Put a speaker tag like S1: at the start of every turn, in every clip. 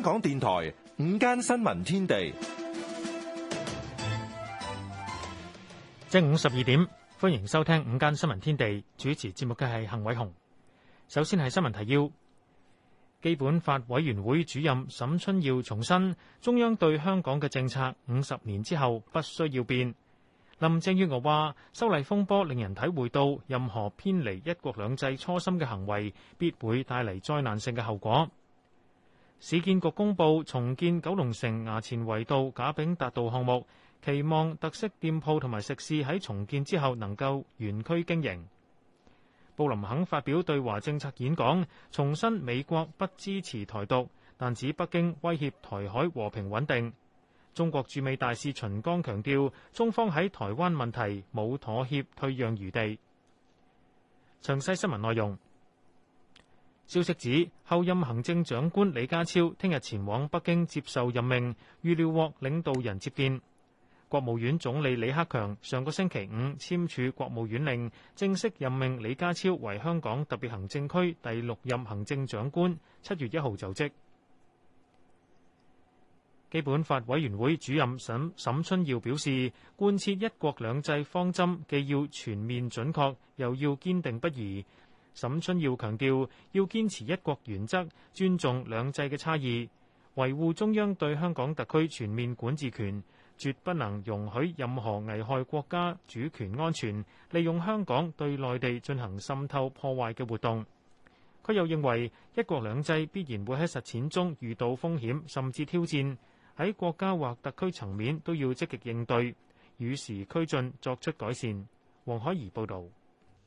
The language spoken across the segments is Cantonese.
S1: 香港電台
S2: 午間新聞天地，正午十二點，歡迎收聽午間新聞天地。主持節目嘅係幸偉紅。首先係新聞提要：基本法委員會主任沈春耀重申，中央對香港嘅政策五十年之後不需要變。林鄭月娥話：修例風波令人體會到，任何偏離一國兩制初心嘅行為，必會帶嚟災難性嘅後果。市建局公佈重建九龍城衙前圍道、賈炳達道項目，期望特色店鋪同埋食肆喺重建之後能夠原區經營。布林肯發表對華政策演講，重申美國不支持台獨，但指北京威脅台海和平穩定。中國駐美大使秦剛強調，中方喺台灣問題冇妥協、退讓餘地。詳細新聞內容。消息指，候任行政長官李家超聽日前往北京接受任命，預料獲領導人接見。國務院總理李克強上個星期五簽署國務院令，正式任命李家超為香港特別行政區第六任行政長官，七月一號就職。基本法委員會主任沈沈春耀表示，貫徹一國兩制方針，既要全面準確，又要堅定不移。沈春耀強調，要堅持一國原則，尊重兩制嘅差異，維護中央對香港特區全面管治權，絕不能容許任何危害國家主權安全、利用香港對內地進行滲透破壞嘅活動。佢又認為，一國兩制必然會喺實踐中遇到風險甚至挑戰，喺國家或特區層面都要積極應對，與時俱進作出改善。黃海怡報導。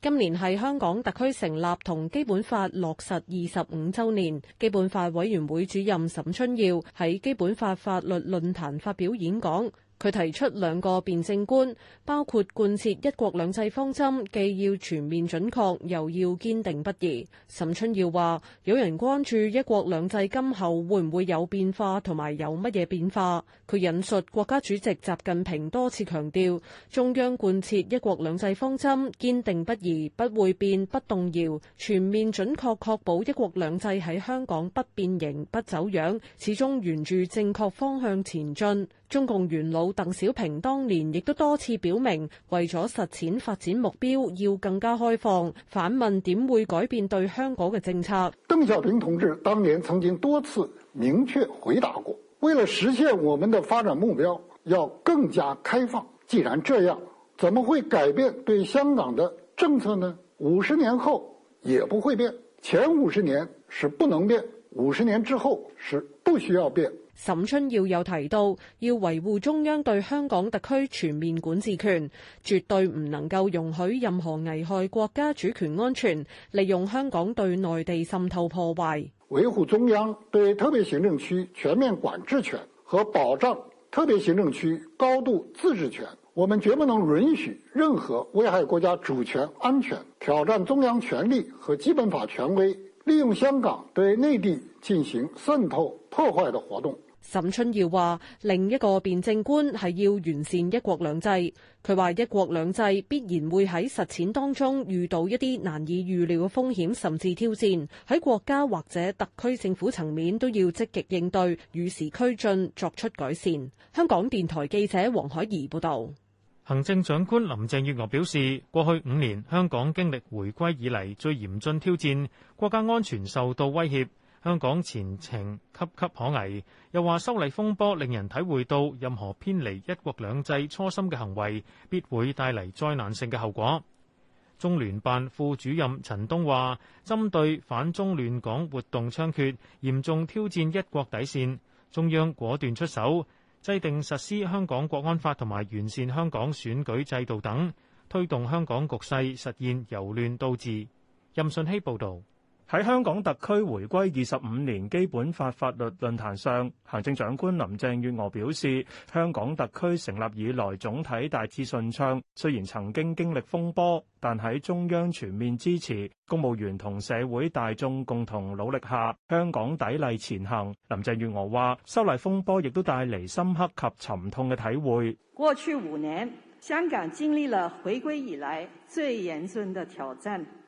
S3: 今年係香港特區成立同基本法落實二十五週年，基本法委員會主任沈春耀喺基本法法律論壇發表演講。佢提出兩個辯證觀，包括貫徹一國兩制方針既要全面準確又要堅定不移。沈春耀話有人關注一國兩制今後會唔會有變化，同埋有乜嘢變化？佢引述國家主席習近平多次強調中央貫徹一國兩制方針堅定不移，不會變、不動搖，全面準確，確保一國兩制喺香港不變形、不走樣，始終沿住正確方向前進。中共元老鄧小平當年亦都多次表明，為咗實踐發展目標，要更加開放。反問，點會改變對香港嘅政策？
S2: 鄧小平同志當年曾經多次明確回答過，為了實現我們的發展目標，要更加開放。既然這樣，怎麼會改變對香港嘅政策呢？五十年後也不會變。前五十年是不能變，五十年之後是不需要變。
S3: 沈春耀又提到，要維護中央對香港特區全面管治權，絕對唔能夠容許任何危害國家主權安全、利用香港對內地滲透破壞。
S2: 維護中央對特別行政區全面管治權和保障特別行政區高度自治權，我們絕不能允許任何危害國家主權安全、挑戰中央權力和基本
S3: 法權威、利用香港對內地進行滲透破壞的活動。沈春耀話：另一個辯證觀係要完善一國兩制。佢話一國兩制必然會喺實踐當中遇到一啲難以預料嘅風險甚至挑戰，喺國家或者特區政府層面都要積極應對，與時俱進作出改善。香港電台記者黃海怡報道。
S2: 行政長官林鄭月娥表示，過去五年香港經歷回歸以嚟最嚴峻挑戰，國家安全受到威脅。香港前程岌岌可危，又話修例風波令人體會到任何偏離一國兩制初心嘅行為必會帶嚟災難性嘅後果。中聯辦副主任陳東話，針對反中亂港活動猖獗，嚴重挑戰一國底線，中央果斷出手，制定實施香港國安法同埋完善香港選舉制度等，推動香港局勢實現由亂到治。任順希報道。喺香港特區回歸二十五年基本法法律論壇上，行政
S1: 長官林鄭月娥表示：香港特區成立以來總體大致順暢，雖然曾經經歷風波，但喺中央全面支持、公務員同社會大眾共同努力下，香港砥礪前行。林鄭月娥話：修例風波亦都帶嚟深刻及沉痛嘅體會。
S4: 過去五年，香港經歷了回歸以來最嚴峻嘅挑戰。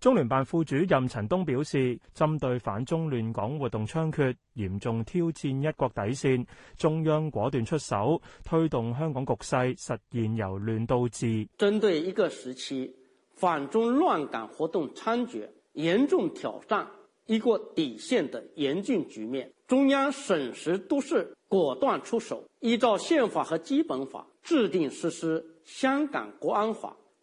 S1: 中聯辦副主任陳東表示，針對反中亂港活動猖獗，嚴重挑戰一國底線，中央果斷出手，推動香港局勢實現由亂到治。
S2: 針對一個時期反中亂港活動猖獗、嚴重挑戰一國底線的嚴峻局面，中央審時度勢果斷出手，依照憲法和基本法，制定實施香
S1: 港國安法。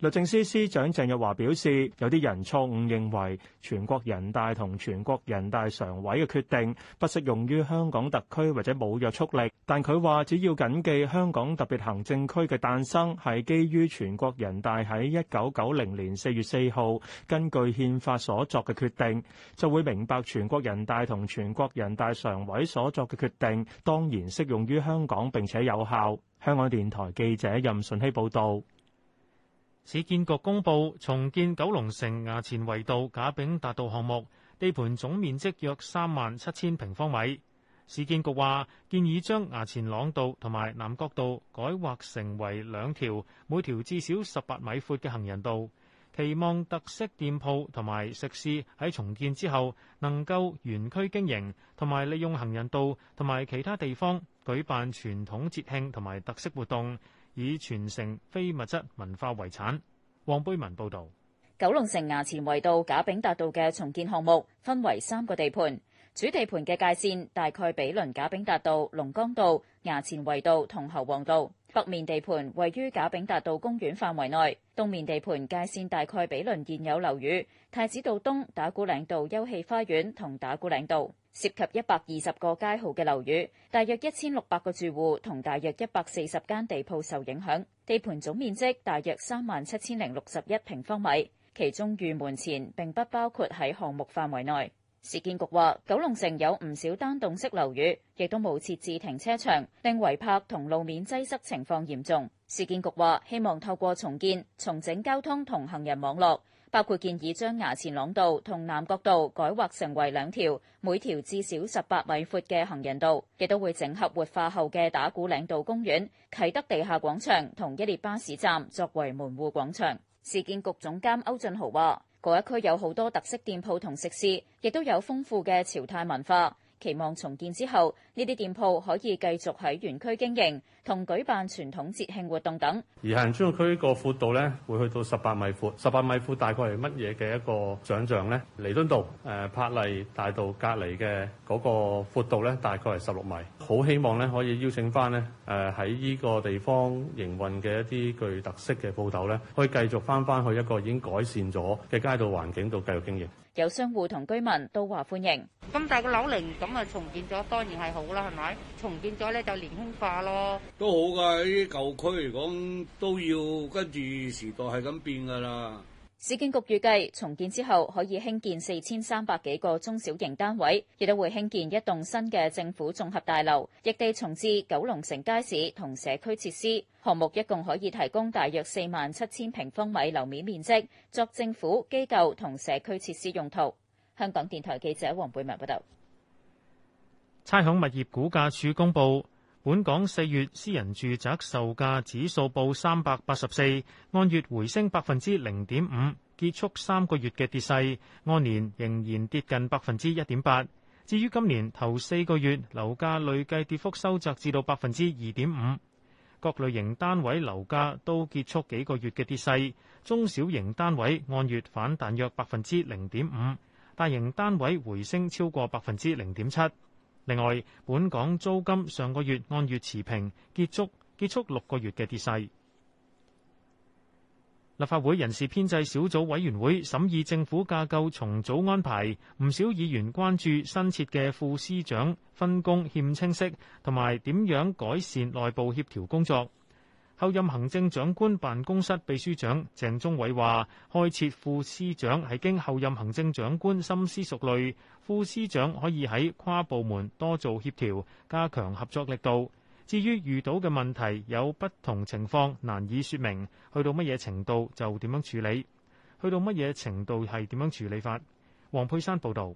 S1: 律政司司長鄭若驊表示，有啲人錯誤認為全國人大同全國人大常委嘅決定不適用於香港特區或者冇約束力，但佢話只要謹記香港特別行政區嘅誕生係基於全國人大喺一九九零年四月四號根據憲法所作嘅決定，就會明白全國人大同全國人大常委所作嘅決定當然適用於香港並且有效。香港電台記者任順希報導。
S2: 市建局公布重建九龍城衙前圍道、賈炳達道項目，地盤總面積約三萬七千平方米。市建局話，建議將衙前塱道同埋南角道改劃成為兩條每條至少十八米闊嘅行人道，期望特色店鋪同埋食肆喺重建之後能夠園區經營，同埋利用行人道同埋其他地方舉辦傳統節慶同埋特色活動，以傳承非物質文化遺產。黃貝文報道，
S5: 九龍城衙前圍道、賈炳達道嘅重建項目分為三個地盤，主地盤嘅界線大概比鄰賈炳達道、龍崗道、衙前圍道同侯王道。北面地盤位於賈炳達道公園範圍內，東面地盤界線大概比鄰現有樓宇太子道東、打鼓嶺道休憩花園同打鼓嶺道。涉及一百二十個街號嘅樓宇，大約一千六百個住戶同大約一百四十間地鋪受影響，地盤總面積大約三萬七千零六十一平方米，其中御門前並不包括喺項目範圍內。市建局話，九龍城有唔少單棟式樓宇，亦都冇設置停車場，令違泊同路面擠塞情況嚴重。市建局話，希望透過重建、重整交通同行人網絡，包括建議將衙前朗道同南角道改劃成為兩條每條至少十八米闊嘅行人道，亦都會整合活化後嘅打鼓嶺道公園、啟德地下廣場同一列巴士站作為門戶廣場。市建局總監歐俊豪話。嗰一區有好多特色店鋪同食肆，亦都有豐富嘅潮泰文化。期望重建之後，呢啲店鋪可以繼續喺園區經營同舉辦傳統節慶活動等。
S1: 而行人專用區個闊度咧，會去到十八米闊。十八米闊大概係乜嘢嘅一個景象咧？彌敦道、誒柏麗大道隔離嘅嗰個闊度咧，大概係十六米。好希望咧，可以邀請翻咧，誒喺呢個地方營運嘅一啲具特色嘅鋪頭咧，可以繼續翻翻去一個已經改善咗嘅街道環境度繼續經營。
S5: 有商戶同居民都話歡迎，咁大個
S6: 樓齡咁啊重建咗，當然係好啦，係咪？重建咗咧就年輕化咯，
S1: 都好噶。呢啲舊區嚟講，都要跟住時代係咁變噶啦。
S5: 市建局預計重建之後可以興建四千三百幾個中小型單位，亦都會興建一棟新嘅政府綜合大樓，易地重置九龍城街市同社區設施。項目一共可以提供大約四萬七千平方米樓面面積，作政府機構同社區設施用途。香港電台記者黃貝文報道。
S2: 差餉物業估價署公布。本港四月私人住宅售價指數報三百八十四，按月回升百分之零點五，結束三個月嘅跌勢，按年仍然跌近百分之一點八。至於今年頭四個月樓價累計跌幅收窄至到百分之二點五，各類型單位樓價都結束幾個月嘅跌勢，中小型單位按月反彈約百分之零點五，大型單位回升超過百分之零點七。另外，本港租金上個月按月持平，結束結束六個月嘅跌勢。立法會人事編制小組委員會審議政府架構重組安排，唔少議員關注新設嘅副司長分工欠清晰，同埋點樣改善內部協調工作。後任行政長官辦公室秘書長鄭中偉話，開設副司長係經後任行政長官深思熟慮，副司長可以喺跨部門多做協調，加強合作力度。至於遇到嘅問題，有不同情況，難以説明，去到乜嘢程度就點樣處理？去到乜嘢程度係點樣處理法？黃佩珊報導。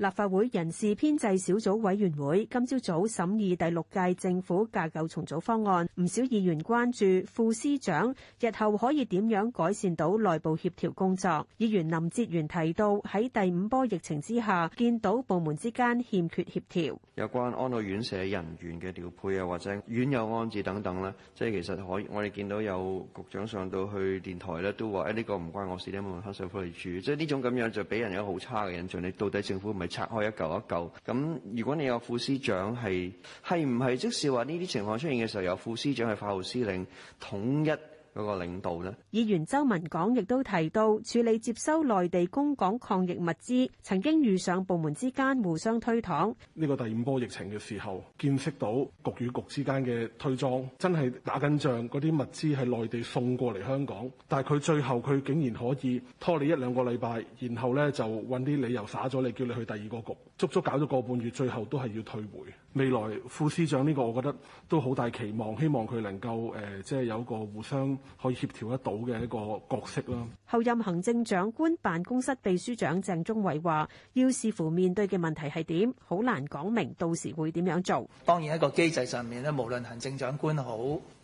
S4: 立法會人事編制小組委員會今朝早，早審議第六屆政府架構重組方案，唔少議員關注副司長日後可以點樣改善到內部協調工作。議員林哲玄提到，喺第五波疫情之下，見到部門之間欠缺協調。
S1: 有關安老院舍人員嘅調配啊，或者院友安置等等咧，即係其實可以我哋見到有局長上到去電台咧，都話誒呢個唔關我事，因為我喺社會福利署，即係呢種咁樣就俾人有好差嘅印象。你到底政府唔係？拆開一嚿一嚿？咁如果你有副司長係，係，係唔係即使話呢啲情況出現嘅時候，有副司長係法務司令統一？嗰個領導咧，
S4: 議員周文港亦都提到，處理接收內地供港抗疫物資，曾經遇上部門之間互相推搪。呢個第五波疫情
S1: 嘅時候，見識到局與局之間嘅推裝，真係打緊仗。嗰啲物資係內地送過嚟香港，但係佢最後佢竟然可以拖你一兩個禮拜，然後呢就揾啲理由耍咗你，叫你去第二個局。足足搞咗個半月，最後都係要退回。未來副司長呢個，我覺得都好大期望，希望佢能夠誒，即係有個互相可以協調得到嘅一個角色啦。
S4: 後任行政長官辦公室秘書長鄭中偉話，要視乎面對嘅問題係點，好難講明，到時會點樣做。
S1: 當然喺個機制上面咧，無論行政長官好，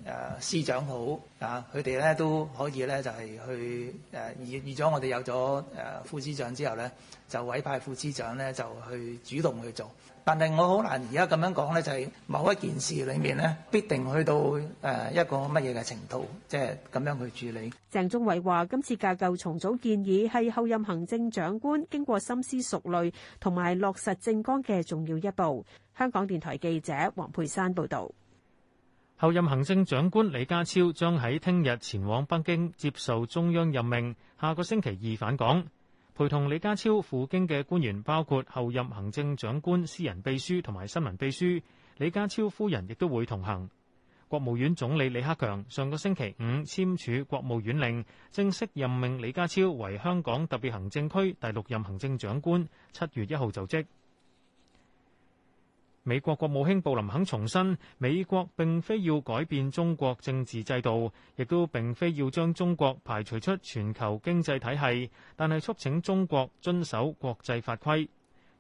S1: 誒司長好啊！佢哋咧都可以咧，就係去誒預預咗。我哋有咗誒副司長之後咧，就委派副司長咧就去主動去做。但係我好難而家咁樣講咧，就係某一件事裏面咧必定去到誒一個乜嘢嘅程度，即係咁樣去處理。
S4: 鄭宗偉話：今次架構重組建議係後任行政長官經過深思熟慮同埋落實政綱嘅重要一步。香港電台記者黃佩珊報導。
S2: 候任行政長官李家超將喺聽日前往北京接受中央任命，下個星期二返港。陪同李家超赴京嘅官員包括候任行政長官私人秘書同埋新聞秘書，李家超夫人亦都會同行。國務院總理李克強上個星期五簽署國務院令，正式任命李家超為香港特別行政區第六任行政長官，七月一號就職。美國國務卿布林肯重申，美國並非要改變中國政治制度，亦都並非要將中國排除出全球經濟體系，但係促請中國遵守國際法規。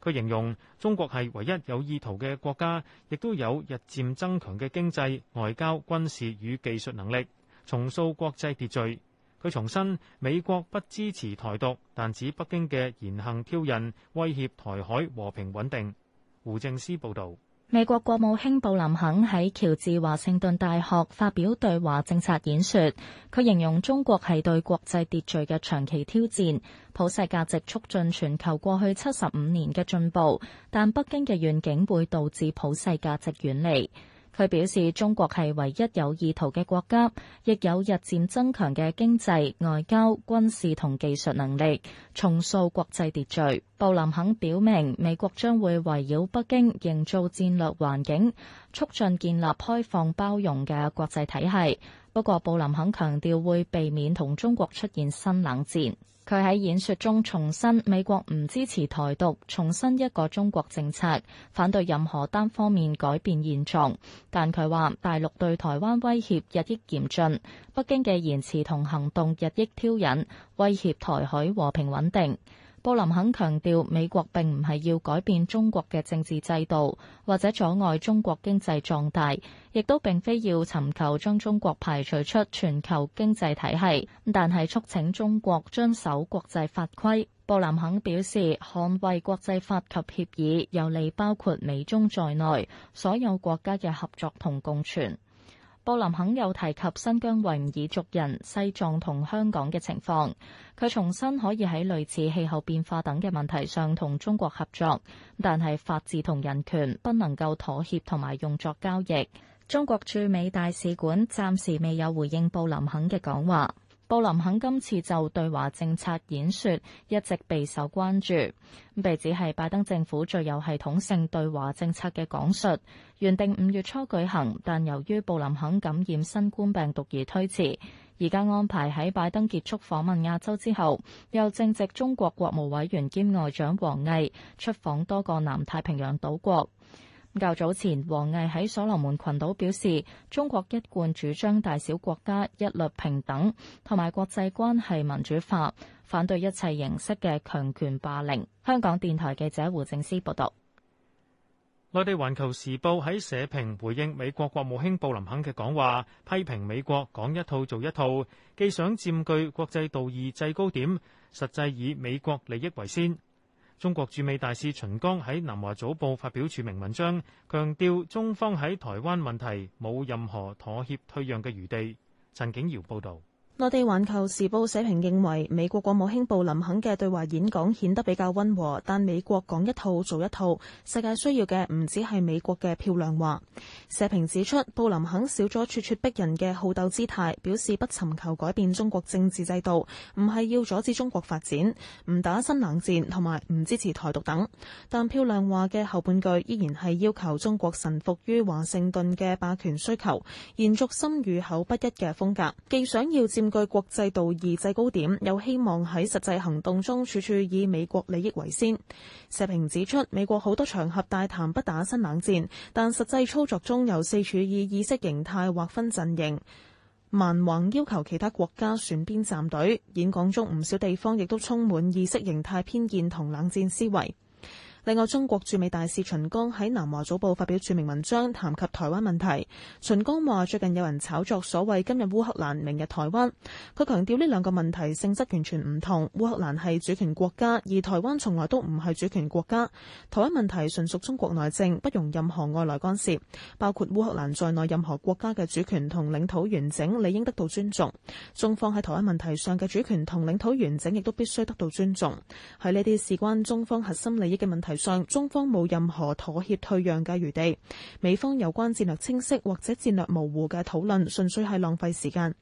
S2: 佢形容中國係唯一有意圖嘅國家，亦都有日漸增強嘅經濟、外交、軍事與技術能力，重塑國際秩序。佢重申美國不支持台獨，但指北京嘅言行挑釁威脅台海和平穩定。胡正思報道，
S7: 美國國務卿布林肯喺喬治華盛頓大學發表對華政策演說，佢形容中國係對國際秩序嘅長期挑戰，普世價值促進全球過去七十五年嘅進步，但北京嘅願景會導致普世價值遠離。佢表示，中國係唯一有意圖嘅國家，亦有日漸增強嘅經濟、外交、軍事同技術能力，重塑國際秩序。布林肯表明，美國將會圍繞北京營造戰略環境，促進建立開放包容嘅國際體系。不過，布林肯強調會避免同中國出現新冷戰。佢喺演說中重申美國唔支持台獨，重申一個中國政策，反對任何單方面改變現狀。但佢話大陸對台灣威脅日益嚴峻，北京嘅言辭同行動日益挑釁，威脅台海和平穩定。布林肯強調，美國並唔係要改變中國嘅政治制度，或者阻礙中國經濟壯大，亦都並非要尋求將中國排除出全球經濟體系。但係促請中國遵守國際法規。布林肯表示，捍衛國際法及協議，有利包括美中在內所有國家嘅合作同共存。布林肯又提及新疆維吾爾族人、西藏同香港嘅情況，佢重申可以喺類似氣候變化等嘅問題上同中國合作，但係法治同人權不能夠妥協同埋用作交易。中國駐美大使館暫時未有回應布林肯嘅講話。布林肯今次就對華政策演說一直備受關注，被指係拜登政府最有系統性對華政策嘅講述。原定五月初舉行，但由於布林肯感染新冠病毒而推遲，而家安排喺拜登結束訪問亞洲之後，又正值中國國務委員兼外長王毅出訪多個南太平洋島國。較早前，王毅喺所羅門群島表示，中國一貫主張大小國家一律平等，同埋國際關係民主化，反對一切形式嘅強權霸凌。香港電台記者胡正思報道。
S2: 內地環球時報喺社評回應美國國務卿布林肯嘅講話，批評美國講一套做一套，既想占據國際道義制高點，實際以美國利益為先。中國駐美大使秦剛喺《南華早報》發表署名文章，強調中方喺台灣問題冇任何妥協退讓嘅餘地。陳景堯報道。
S8: 內地環球時報社評認為，美國國務卿布林肯嘅對華演講顯得比較溫和，但美國講一套做一套。世界需要嘅唔止係美國嘅漂亮話。社評指出，布林肯少咗咄咄逼人嘅好鬥姿態，表示不尋求改變中國政治制度，唔係要阻止中國發展，唔打新冷戰，同埋唔支持台獨等。但漂亮話嘅後半句依然係要求中國臣服於華盛頓嘅霸權需求，延續心與口不一嘅風格，既想要佔。根據國際道義制高點，有希望喺實際行動中處處以美國利益為先。社評指出，美國好多場合大談不打新冷戰，但實際操作中又四處以意識形態劃分陣營，蠻橫要求其他國家選邊站隊。演講中唔少地方亦都充滿意識形態偏見同冷戰思維。另外，中國駐美大使秦剛喺《南華早報》發表署名文章，談及台灣問題。秦剛話：最近有人炒作所謂今日烏克蘭、明日台灣。佢強調呢兩個問題性質完全唔同。烏克蘭係主權國家，而台灣從來都唔係主權國家。台灣問題純屬中國內政，不容任何外來干涉。包括烏克蘭在內任何國家嘅主權同領土完整理應得到尊重。中方喺台灣問題上嘅主權同領土完整亦都必須得到尊重。喺呢啲事關中方核心利益嘅問題上中方冇任何妥協退讓嘅餘地，美方有關戰略清晰或者戰略模糊嘅討論，純粹係浪費時間。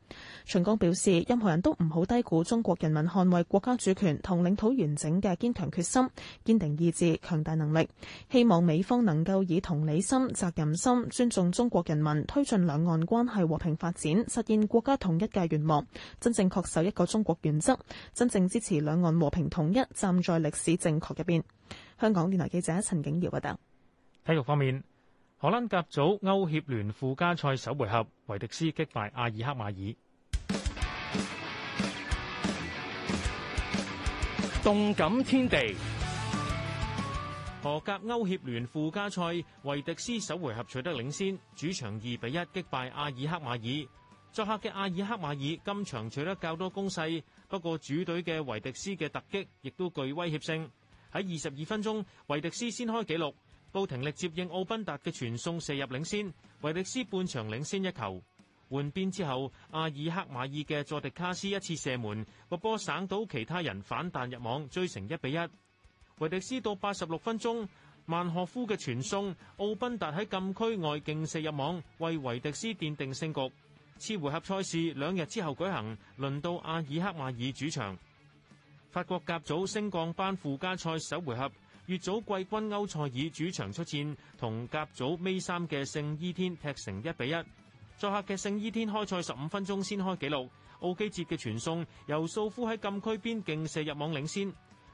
S8: 秦剛表示，任何人都唔好低估中國人民捍衛國家主權同領土完整嘅堅強決心、堅定意志、強大能力。希望美方能夠以同理心、責任心，尊重中國人民，推進兩岸關係和平發展，實現國家統一嘅願望，真正恪守一個中國原則，真正支持兩岸和平統一，站在歷史正確入邊。香港電台記者陳景瑤報道。
S2: 體育方面，荷蘭甲組歐協聯附加賽首回合，維迪斯擊敗阿爾克馬爾。動感天地，荷甲歐協聯附加賽維迪斯首回合取得領先，主場二比一擊敗阿爾克馬爾。作客嘅阿爾克馬爾今場取得較多攻勢，不過主隊嘅維迪斯嘅突擊亦都具威脅性。喺二十二分鐘，維迪斯先開紀錄，布廷力接應奧賓達嘅傳送射入領先，維迪斯半場領先一球。換邊之後，阿爾克馬爾嘅佐迪卡斯一次射門，個波省到其他人反彈入網，追成一比一。維迪斯到八十六分鐘，曼赫夫嘅傳送，奧賓達喺禁區外勁射入網，為維迪斯奠定勝局。次回合賽事，兩日之後舉行，輪到阿爾克馬爾主場。法國甲組升降班附加賽首回合，乙組季軍歐塞爾主場出戰，同甲組尾三嘅聖伊天踢成一比一。作客嘅聖伊天開賽十五分鐘先開紀錄，奧基捷嘅傳送由素夫喺禁區邊勁射入網領先。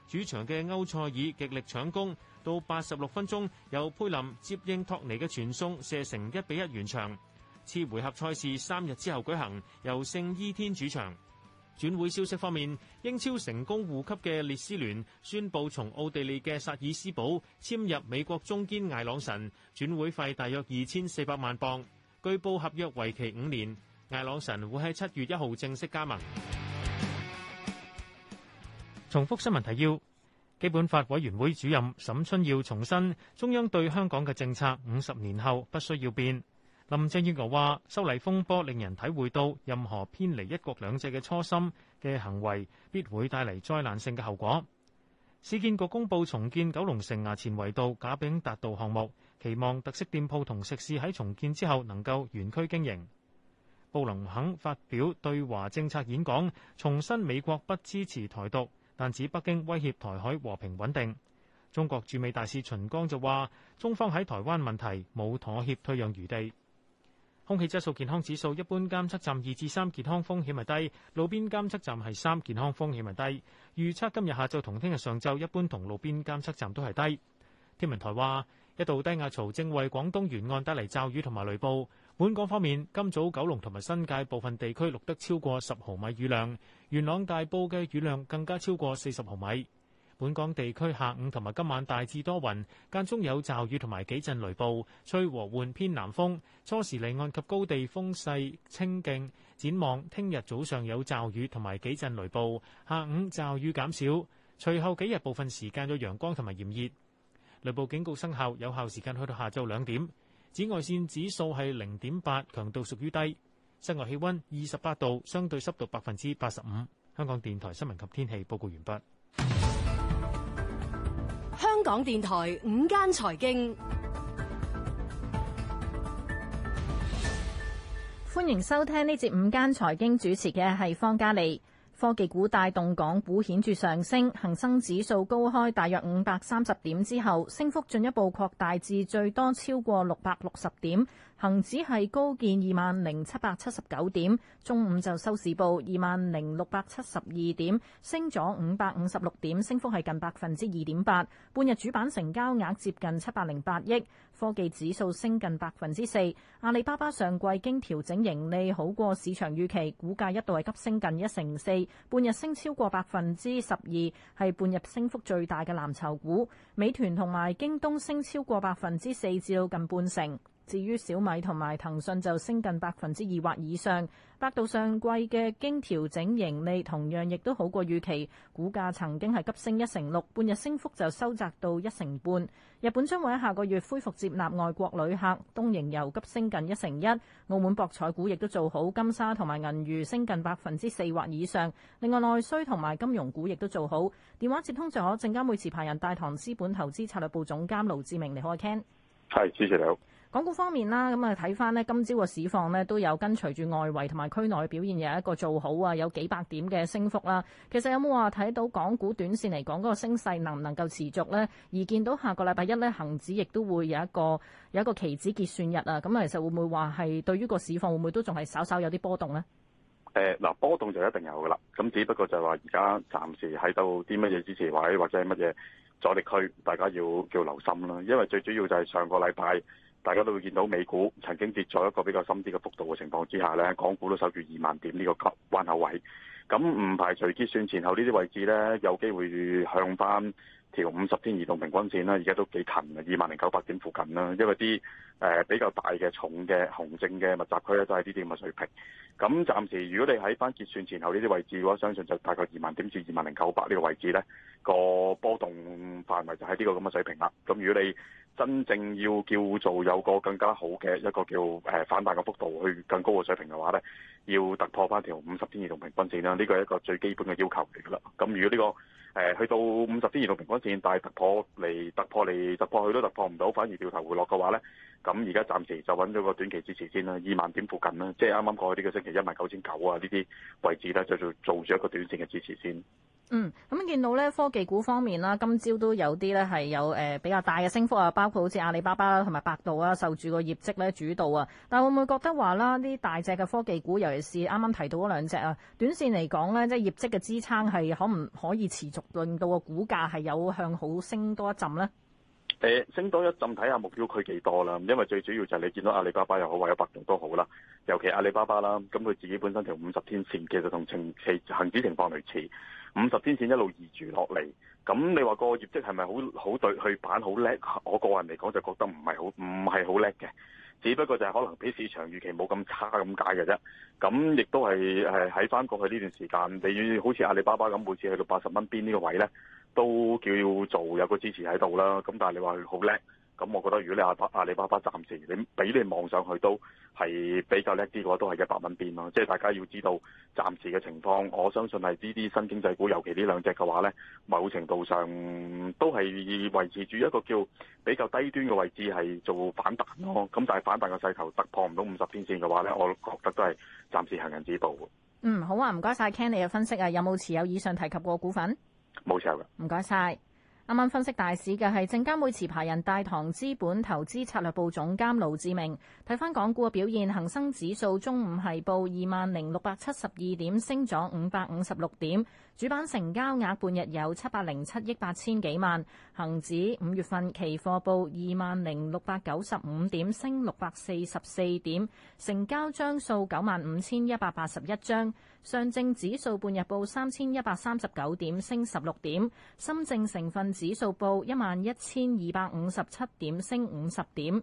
S2: 主場嘅歐塞爾極力搶攻，到八十六分鐘由佩林接應托尼嘅傳送射成一比一完場。次回合賽事三日之後舉行，由聖伊天主場。轉會消息方面，英超成功護級嘅列斯聯宣布，從奧地利嘅薩爾斯堡簽入美國中堅艾朗臣，轉會費大約二千四百萬鎊，據報合約為期五年，艾朗臣會喺七月一號正式加盟。重複新聞提要：基本法委員會主任沈春耀重申，中央對香港嘅政策五十年後不需要變。林鄭月娥話：修例風波令人體會到，任何偏離一國兩制嘅初心嘅行為，必會帶嚟災難性嘅後果。市建局公布重建九龍城衙前圍道、賈炳達道項目，期望特色店鋪同食肆喺重建之後能夠原區經營。布林肯發表對華政策演講，重申美國不支持台獨，但指北京威脅台海和平穩定。中國駐美大使秦剛就話：中方喺台灣問題冇妥協、退讓餘地。空氣質素健康指數一般監測站二至三健康風險係低，路邊監測站係三健康風險係低。預測今日下晝同聽日上晝一般同路邊監測站都係低。天文台話，一道低壓槽正為廣東沿岸帶嚟驟雨同埋雷暴。本港方面，今早九龍同埋新界部分地區錄得超過十毫米雨量，元朗大埔嘅雨量更加超過四十毫米。本港地區下午同埋今晚大致多雲，間中有驟雨同埋幾陣雷暴，吹和緩偏南風。初時離岸及高地風勢清勁。展望聽日早上有驟雨同埋幾陣雷暴，下午驟雨減少。隨後幾日部分時間有陽光同埋炎熱。雷暴警告生效，有效時間去到下晝兩點。紫外線指數係零點八，強度屬於低。室外氣温二十八度，相對濕度百分之八十五。嗯、香港電台新聞及天氣報告完畢。
S7: 香港電台午間財經，歡迎收
S9: 聽呢節午間財經主持嘅係方嘉莉。科技股帶動港股顯著上升，恒生指數高開大約五百三十點之後，升幅進一步擴大至最多超過六百六十點。恒指係高見二萬零七百七十九點，中午就收市報二萬零六百七十二點，升咗五百五十六點，升幅係近百分之二點八。半日主板成交額接近七百零八億。科技指數升近百分之四，阿里巴巴上季經調整盈利好過市場預期，股價一度係急升近一成四，半日升超過百分之十二，係半日升幅最大嘅藍籌股。美團同埋京東升超過百分之四，至到近半成。至於小米同埋騰訊就升近百分之二或以上，百度上季嘅經調整盈利同樣亦都好過預期，股價曾經係急升一成六，半日升幅就收窄到一成半。日本將會喺下個月恢復接納外國旅客，東瀛遊急升近一成一。澳門博彩股亦都做好，金沙同埋銀娛升近百分之四或以上。另外，內需同埋金融股亦都做好。電話接通咗，證監會持牌人大唐資本投資策略部總監盧志明，你好，阿 Ken，
S10: 係，主持你好。
S9: 港股方面啦，咁啊睇翻呢今朝個市況呢，都有跟隨住外圍同埋區內表現，有一個做好啊，有幾百點嘅升幅啦。其實有冇話睇到港股短線嚟講嗰個升勢能唔能夠持續呢？而見到下個禮拜一呢，恒指亦都會有一個有一個期指結算日啊。咁啊，其實會唔會話係對於個市況會唔會都仲係稍稍有啲波動呢？
S10: 誒，嗱，波動就一定有噶啦。咁只不過就係話而家暫時喺度啲乜嘢支持位，或者係乜嘢阻力區，大家要叫留心啦。因為最主要就係上個禮拜。大家都會見到美股曾經跌咗一個比較深啲嘅幅度嘅情況之下呢，港股都守住二萬點呢個關口位，咁唔排除結算前後呢啲位置呢，有機會向翻。條五十天移動平均線啦、啊，而家都幾近嘅，二萬零九百點附近啦、啊。因為啲誒、呃、比較大嘅重嘅紅證嘅密集區咧，就係呢啲咁嘅水平。咁暫時如果你喺翻結算前後呢啲位置嘅話，相信就大概二萬點至二萬零九百呢個位置咧，那個波動範圍就喺呢個咁嘅水平啦。咁如果你真正要叫做有個更加好嘅一個叫誒反彈嘅幅度去更高嘅水平嘅話咧，要突破翻條五十天移動平均線啦、啊。呢、這個係一個最基本嘅要求嚟嘅啦。咁如果呢、這個誒去到五十天移動平均線，但係突破嚟突破嚟突破去都突破唔到，反而掉頭回落嘅話咧。咁而家暫時就揾咗個短期支持先啦，二萬點附近啦，即係啱啱過去呢個星期一萬九千九啊呢啲位置咧，就做做住一個短線嘅支持先。
S7: 嗯，咁
S9: 見到咧科技股方面啦，今朝都有啲咧係有誒比較大嘅升幅啊，包括好似阿里巴巴啦、同埋百度啊，受住個業績咧主導啊。但會唔會覺得話啦，呢大隻嘅科技股，尤其是啱啱提到嗰兩隻啊，短線嚟講咧，即係業績嘅支撐係可唔可以持續令到個股價係有向好升多一陣咧？
S10: 誒升多一陣，睇下目標區幾多啦。因為最主要就係你見到阿里巴巴又好，或者百度都好啦。尤其阿里巴巴啦，咁佢自己本身條五十天線其實同情期恆指情況類似，五十天線一路移住落嚟。咁你話個業績係咪好好對去板好叻？我個人嚟講就覺得唔係好唔係好叻嘅。只不過就係可能俾市場預期冇咁差咁解嘅啫。咁亦都係係喺翻過去呢段時間，你好似阿里巴巴咁，每次去到八十蚊邊呢個位呢，都叫做有個支持喺度啦，咁但係你話佢好叻，咁我覺得如果你阿阿阿里巴巴暫時，你俾你望上去都係比較叻啲嘅話，都係一百蚊變咯。即係大家要知道，暫時嘅情況，我相信係呢啲新經濟股，尤其呢兩隻嘅話咧，某程度上都係維持住一個叫比較低端嘅位置係做反彈咯。咁但係反彈嘅勢頭突破唔到五十天線嘅話咧，我覺得都係暫時行人止步。
S9: 嗯，好啊，唔該晒 Ken 你嘅分析啊，有冇持有以上提及過股份？冇錯噶，唔該晒。啱啱分析大市嘅係證監會持牌人大唐資本投資策略部總監盧志明。睇翻港股嘅表現，恒生指數中午係報二萬零六百七十二點，升咗五百五十六點。主板成交額半日有七百零七億八千幾萬，恒指五月份期貨報二萬零六百九十五點，升六百四十四點，成交張數九萬五千一百八十一張。上證指數半日報三千一百三十九點，升十六點。深證成分指數報一萬一千二百五十七點，升五十點。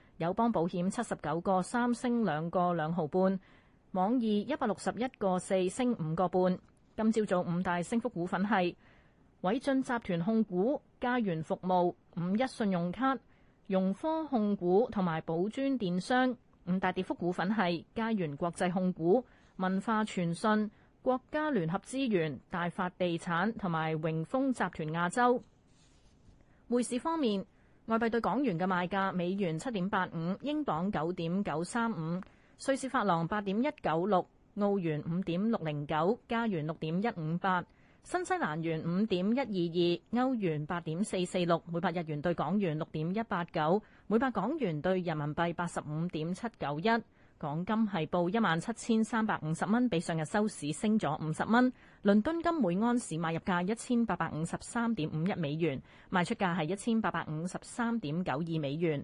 S9: 友邦保險七十九個三升兩個兩毫半，網易一百六十一個四升五個半。今朝早五大升幅股份係偉俊集團控股、佳源服務、五一信用卡、融科控股同埋寶尊電商。五大跌幅股份係佳源國際控股、文化傳信、國家聯合資源、大發地產同埋榮豐集團亞洲。匯市方面。外幣對港元嘅賣價：美元七點八五，英鎊九點九三五，瑞士法郎八點一九六，澳元五點六零九，加元六點一五八，新西蘭元五點一二二，歐元八點四四六，每百日元對港元六點一八九，每百港元對人民幣八十五點七九一。港金係報一萬七千三百五十蚊，比上日收市升咗五十蚊。倫敦金每盎司買入價一千八百五十三點五一美元，賣出價係一千八百五十三點九二美元。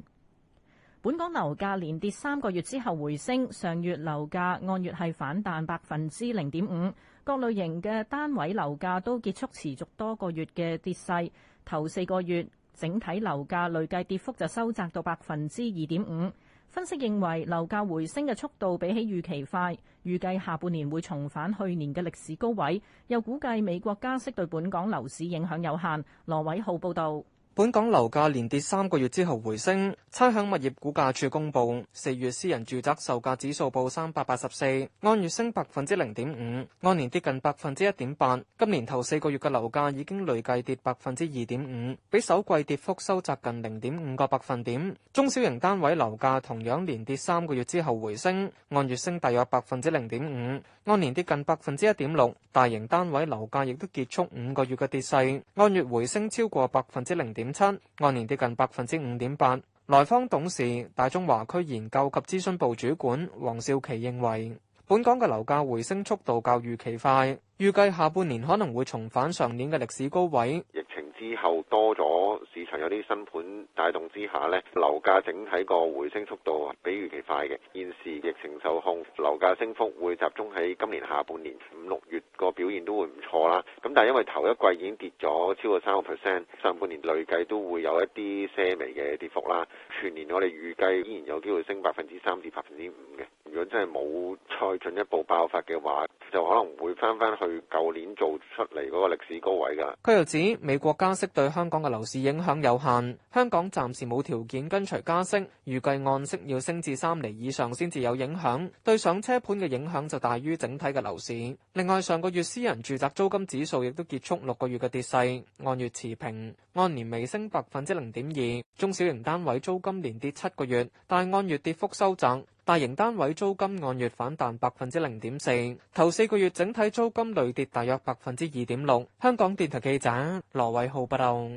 S9: 本港樓價連跌三個月之後回升，上月樓價按月係反彈百分之零點五，各類型嘅單位樓價都結束持續多個月嘅跌勢。頭四個月整體樓價累計跌幅就收窄到百分之二點五。分析認為樓價回升嘅速度比起預期快，預計下半年會重返去年嘅歷史高位。又估計美國加息對本港樓市影響有限。羅偉浩報導。
S6: 本港樓價連跌三個月之後回升，差餉物業估價署公布，四月私人住宅售價指數報三百八十四，按月升百分之零點五，按年跌近百分之一點八。今年頭四個月嘅樓價已經累計跌百分之二點五，比首季跌幅收窄近零點五個百分點。中小型單位樓價同樣連跌三個月之後回升，按月升大約百分之零點五，按年跌近百分之一點六。大型單位樓價亦都結束五個月嘅跌勢，按月回升超過百分之零點。五七按年跌近百分之五點八。萊坊董事大中華區研究及諮詢部主管黃少琪認為。本港嘅樓價回升速度較預期快，預計下半年可能會重返上年嘅歷史高位。
S2: 疫情之後多咗市場有啲新盤帶動之下呢，樓價整體個回升速度啊比預期快嘅。現時疫情受控，樓價升幅會集中喺今年下半年五六月，個表現都會唔錯啦。咁但係因為頭一季已經跌咗超過三個 percent，上半年累計都會有一啲些微嘅跌幅啦。全年我哋預計依然有機會升百分之三至百分之五嘅。如果真係冇再進一步爆發嘅話，就可能會翻翻去舊年做出嚟嗰個歷史高位㗎。佢
S6: 又指美國加息對香港嘅樓市影響有限，香港暫時冇條件跟隨加息，預計按息要升至三厘以上先至有影響。對上車盤嘅影響就大於整體嘅樓市。另外，上個月私人住宅租金指數亦都結束六個月嘅跌勢，按月持平，按年微升百分之零點二。中小型單位租金連跌七個月，但按月跌幅收窄。大型單位租金按月反彈百分之零點四，頭四個月整體租金累跌大約百分之二點六。香港電台記者羅偉浩報道。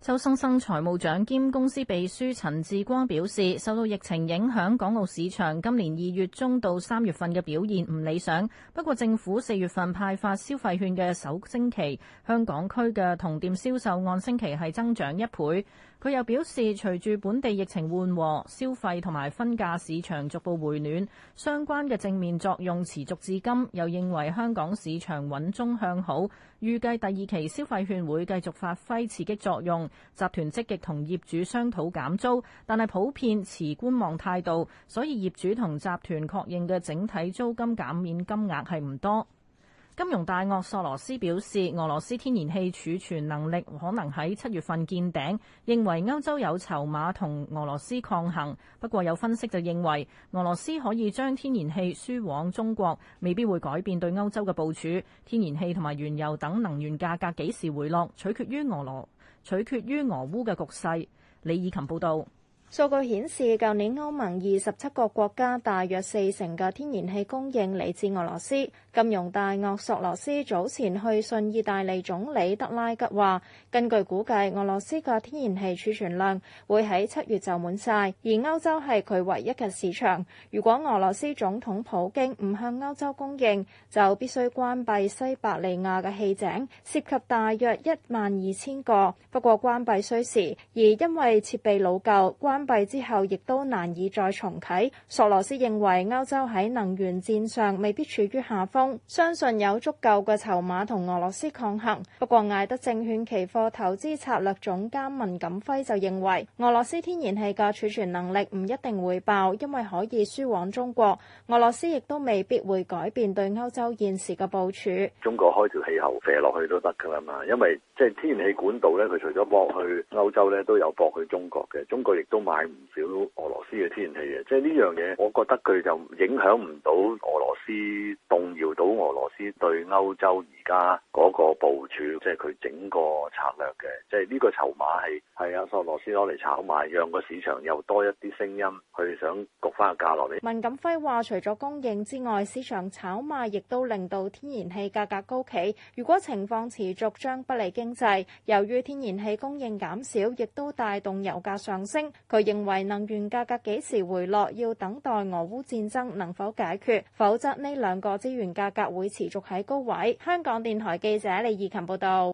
S9: 周生生財務長兼公司秘書陳志光表示，受到疫情影響，港澳市場今年二月中到三月份嘅表現唔理想。不過，政府四月份派發消費券嘅首星期，香港區嘅同店銷售按星期係增長一倍。佢又表示，隨住本地疫情緩和，消費同埋分價市場逐步回暖，相關嘅正面作用持續至今。又認為香港市場穩中向好，預計第二期消費券會繼續發揮刺激作用。集團積極同業主商討減租，但係普遍持觀望態度，所以業主同集團確認嘅整體租金減免金額係唔多。金融大鱷索羅斯表示，俄羅斯天然氣儲存能力可能喺七月份見頂，認為歐洲有籌碼同俄羅斯抗衡。不過有分析就認為，俄羅斯可以將天然氣輸往中國，未必會改變對歐洲嘅部署。天然氣同埋原油等能源價格幾時回落，取決於俄羅取決於俄烏嘅局勢。李以琴報道，
S11: 數據顯示，舊年歐盟二十七個國家大約四成嘅天然氣供應嚟自俄羅斯。金融大鱷索羅斯早前去信意大利總理德拉吉話，根據估計，俄羅斯嘅天然氣儲存量會喺七月就滿晒，而歐洲係佢唯一嘅市場。如果俄羅斯總統普京唔向歐洲供應，就必須關閉西伯利亞嘅氣井，涉及大約一萬二千個。不過關閉需時，而因為設備老舊，關閉之後亦都難以再重啟。索羅斯認為歐洲喺能源戰上未必處於下方。相信有足夠嘅籌碼同俄羅斯抗衡。不過艾德證券期貨投資策略總監文錦輝就認為，俄羅斯天然氣嘅儲存能力唔一定會爆，因為可以輸往中國。俄羅斯亦都未必會改變對歐洲現時嘅部署。
S10: 中國開條氣喉射落去都得噶啦嘛，因為即係天然氣管道咧，佢除咗駁去歐洲咧，都有駁去中國嘅。中國亦都買唔少俄羅斯嘅天然氣嘅。即係呢樣嘢，我覺得佢就影響唔到俄羅斯動搖。到俄羅斯對歐洲而言家嗰個部署，即係佢整個策略嘅，即係呢個籌碼係係阿索羅斯攞嚟炒賣，讓個市場又多一啲聲音去想焗翻個價落嚟。文
S11: 錦輝話除咗供應之外，市場炒賣亦都令到天然氣價格高企。如果情況持續將不利經濟，由於天然氣供應減少，亦都帶動油價上升。佢認為能源價格幾時回落，要等待俄烏戰爭能否解決，否則呢兩個資源價格會持續喺高位。香港。香港電台記者李怡琴報道。